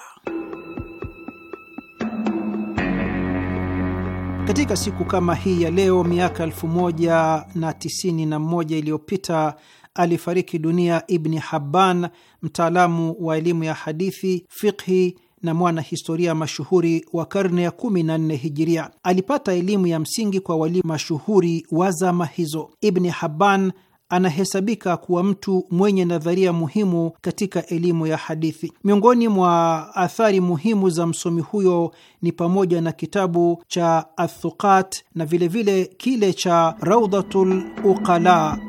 Katika siku kama hii ya leo miaka 1091 iliyopita alifariki dunia Ibni Habban, mtaalamu wa elimu ya hadithi, fiqhi na mwanahistoria mashuhuri wa karne ya 14 hijiria. Alipata elimu ya msingi kwa walimu mashuhuri wa zama hizo. Ibni Haban anahesabika kuwa mtu mwenye nadharia muhimu katika elimu ya hadithi. Miongoni mwa athari muhimu za msomi huyo ni pamoja na kitabu cha Athuqat na vilevile vile kile cha Raudhatul Uqala.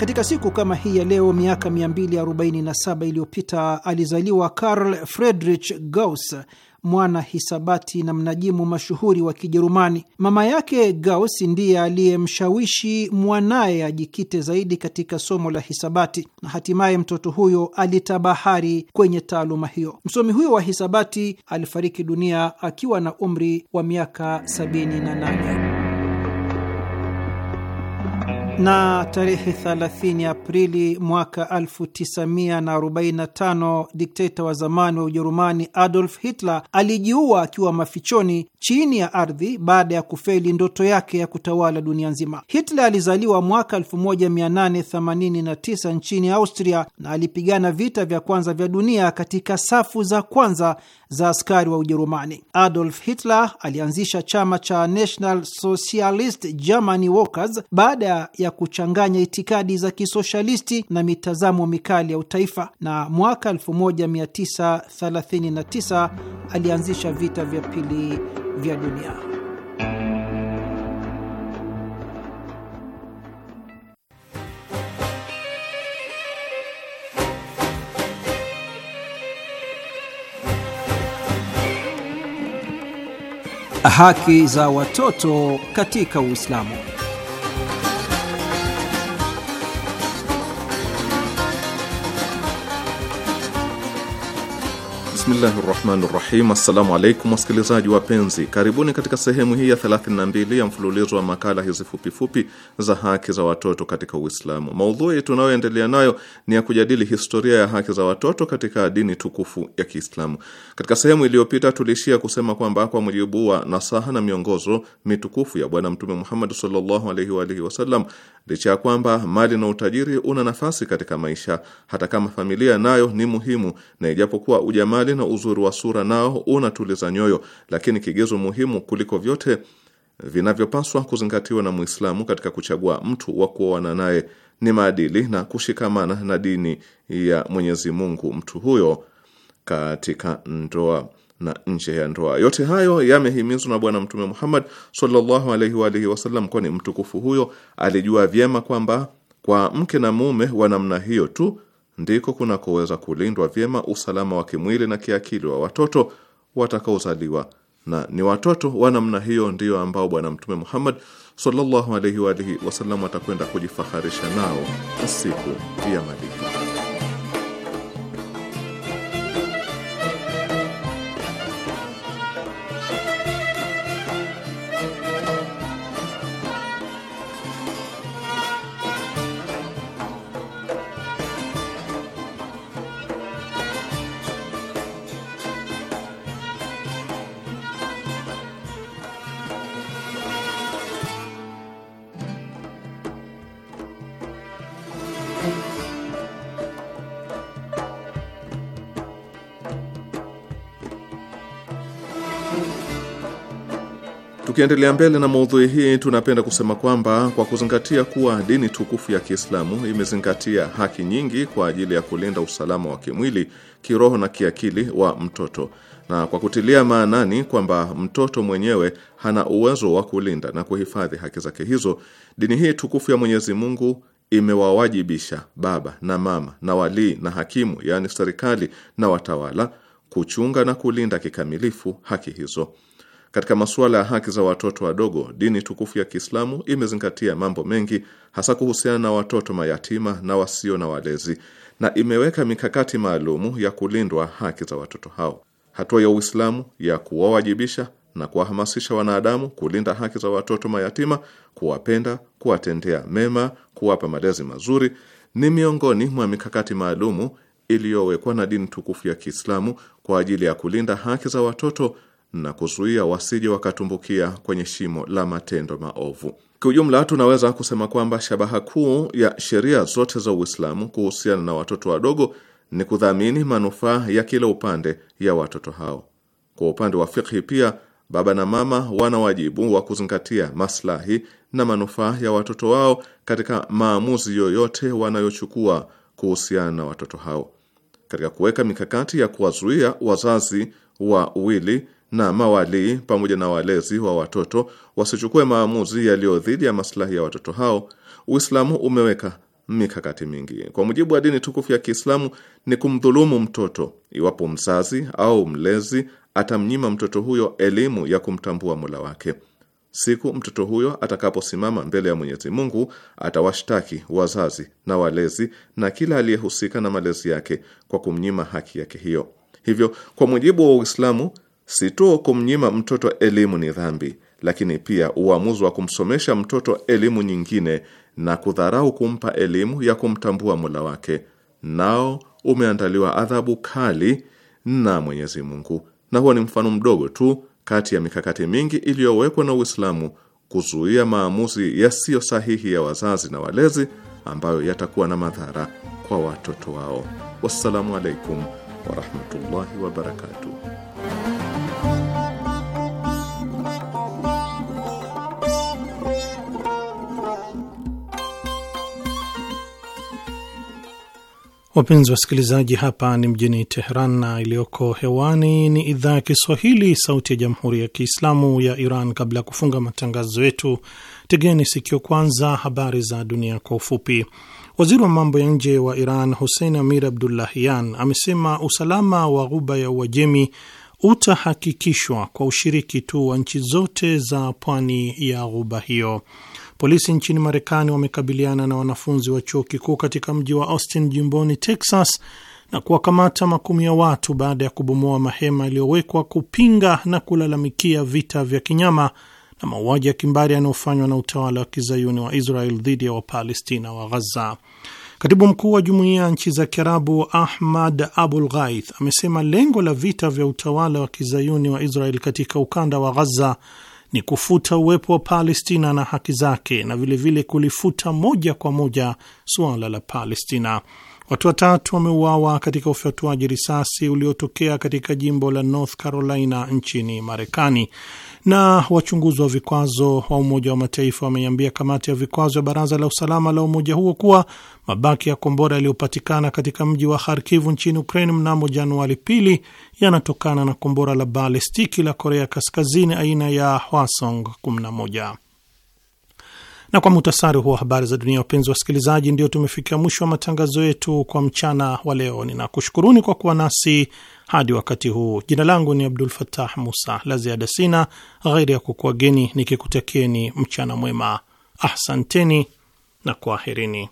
Katika siku kama hii ya leo miaka 247 iliyopita alizaliwa Karl Friedrich Gauss, mwana hisabati na mnajimu mashuhuri wa Kijerumani. Mama yake Gauss ndiye aliyemshawishi mwanaye ajikite zaidi katika somo la hisabati na hatimaye mtoto huyo alitabahari kwenye taaluma hiyo. Msomi huyo wa hisabati alifariki dunia akiwa na umri wa miaka 78 na tarehe 30 Aprili mwaka 1945 dikteta wa zamani wa Ujerumani Adolf Hitler alijiua akiwa mafichoni chini ya ardhi baada ya kufeli ndoto yake ya kutawala dunia nzima. Hitler alizaliwa mwaka 1889 nchini Austria na alipigana vita vya kwanza vya dunia katika safu za kwanza za askari wa Ujerumani. Adolf Hitler alianzisha chama cha National Socialist Germany Workers baada ya ya kuchanganya itikadi za kisoshalisti na mitazamo mikali ya utaifa, na mwaka 1939 alianzisha vita vya pili vya dunia. Haki za watoto katika Uislamu. Bismillahi rahmani rahim. Assalamu alaikum wasikilizaji wapenzi, karibuni katika sehemu hii ya 32 ya mfululizo wa makala hizi fupifupi za haki za watoto katika Uislamu. Maudhui tunayoendelea nayo ni ya kujadili historia ya haki za watoto katika dini tukufu ya Kiislamu. Katika sehemu iliyopita, tuliishia kusema kwamba kwa mujibu wa nasaha na miongozo mitukufu ya Bwana Mtume Muhammad sallallahu alaihi wa alihi wasallam, Licha ya kwamba mali na utajiri una nafasi katika maisha, hata kama familia nayo ni muhimu, na ijapokuwa ujamali na uzuri wa sura nao unatuliza nyoyo, lakini kigezo muhimu kuliko vyote vinavyopaswa kuzingatiwa na Muislamu katika kuchagua mtu wa kuoana naye ni maadili na kushikamana na dini ya Mwenyezi Mungu mtu huyo katika ndoa na nje ya ndoa. Yote hayo yamehimizwa na Bwana Mtume Muhammad sallallahu alaihi wa alihi wasallam, kwani mtukufu huyo alijua vyema kwamba kwa mke na mume wa namna hiyo tu ndiko kunakoweza kulindwa vyema usalama wa kimwili na kiakili wa watoto watakaozaliwa, na ni watoto wa namna hiyo ndiyo ambao Bwana Mtume Muhammad sallallahu alaihi wa alihi wasallam atakwenda kujifaharisha nao siku ya malipo. Tukiendelea mbele na maudhui hii, tunapenda kusema kwamba kwa kuzingatia kuwa dini tukufu ya Kiislamu imezingatia haki nyingi kwa ajili ya kulinda usalama wa kimwili, kiroho na kiakili wa mtoto, na kwa kutilia maanani kwamba mtoto mwenyewe hana uwezo wa kulinda na kuhifadhi haki zake hizo, dini hii tukufu ya Mwenyezi Mungu imewawajibisha baba na mama na walii na hakimu, yaani serikali na watawala, kuchunga na kulinda kikamilifu haki hizo. Katika masuala ya haki za watoto wadogo, dini tukufu ya Kiislamu imezingatia mambo mengi, hasa kuhusiana na watoto mayatima na wasio na walezi, na imeweka mikakati maalumu ya kulindwa haki za watoto hao. Hatua ya Uislamu ya kuwawajibisha na kuwahamasisha wanadamu kulinda haki za watoto mayatima, kuwapenda, kuwatendea mema, kuwapa malezi mazuri ni miongoni mwa mikakati maalumu iliyowekwa na dini tukufu ya Kiislamu kwa ajili ya kulinda haki za watoto na kuzuia wasije wakatumbukia kwenye shimo la matendo maovu. Kiujumla, tunaweza kusema kwamba shabaha kuu ya sheria zote za Uislamu kuhusiana na watoto wadogo ni kudhamini manufaa ya kila upande ya watoto hao. Kwa upande wa fikhi pia, baba na mama wana wajibu wa kuzingatia maslahi na manufaa ya watoto wao katika maamuzi yoyote wanayochukua kuhusiana na watoto hao. Katika kuweka mikakati ya kuwazuia wazazi wa wili na mawalii pamoja na walezi wa watoto wasichukue maamuzi yaliyo dhidi ya maslahi ya watoto hao, Uislamu umeweka mikakati mingi. Kwa mujibu wa dini tukufu ya Kiislamu, ni kumdhulumu mtoto iwapo mzazi au mlezi atamnyima mtoto huyo elimu ya kumtambua Mola wake. Siku mtoto huyo atakaposimama mbele ya Mwenyezi Mungu, atawashtaki wazazi na walezi na kila aliyehusika na malezi yake kwa kumnyima haki yake hiyo. Hivyo kwa mujibu wa Uislamu, si tu kumnyima mtoto elimu ni dhambi, lakini pia uamuzi wa kumsomesha mtoto elimu nyingine na kudharau kumpa elimu ya kumtambua Mola wake, nao umeandaliwa adhabu kali na Mwenyezi Mungu. Na huo ni mfano mdogo tu kati ya mikakati mingi iliyowekwa na Uislamu kuzuia maamuzi yasiyo sahihi ya wazazi na walezi ambayo yatakuwa na madhara kwa watoto wao. Wassalamu alaikum warahmatullahi wabarakatuh. Wapenzi wasikilizaji, hapa ni mjini Teheran na iliyoko hewani ni idhaa ya Kiswahili, sauti ya jamhuri ya kiislamu ya Iran. Kabla ya kufunga matangazo yetu, tegeni sikio kwanza habari za dunia kwa ufupi. Waziri wa mambo ya nje wa Iran Hussein Amir Abdullahian amesema usalama wa ghuba ya Uajemi utahakikishwa kwa ushiriki tu wa nchi zote za pwani ya ghuba hiyo. Polisi nchini Marekani wamekabiliana na wanafunzi wa chuo kikuu katika mji wa Austin jimboni Texas na kuwakamata makumi ya watu baada ya kubomoa mahema yaliyowekwa kupinga na kulalamikia vita vya kinyama na mauaji ya kimbari yanayofanywa na utawala wa kizayuni wa Israel dhidi ya Wapalestina wa Ghaza. Katibu mkuu wa jumuiya ya nchi za Kiarabu Ahmad Abul Ghaith amesema lengo la vita vya utawala wa kizayuni wa Israel katika ukanda wa Ghaza ni kufuta uwepo wa Palestina na haki zake na vilevile vile kulifuta moja kwa moja suala la Palestina. Watu watatu wameuawa katika ufyatuaji risasi uliotokea katika jimbo la North Carolina nchini Marekani. Na wachunguzi wa vikwazo wa Umoja wa Mataifa wameiambia kamati ya vikwazo ya Baraza la Usalama la umoja huo kuwa mabaki ya kombora yaliyopatikana katika mji wa Kharkivu nchini Ukraine mnamo Januari pili yanatokana na kombora la balestiki la Korea Kaskazini aina ya Hwasong 11 na kwa muhtasari huwa habari za dunia. Wapenzi wa wasikilizaji, ndio tumefikia mwisho wa matangazo yetu kwa mchana wa leo. Ninakushukuruni kwa kuwa nasi hadi wakati huu. Jina langu ni Abdul Fattah Musa. La ziada sina ghairi ya kukuageni nikikutakeni mchana mwema. Ahsanteni na kwaherini.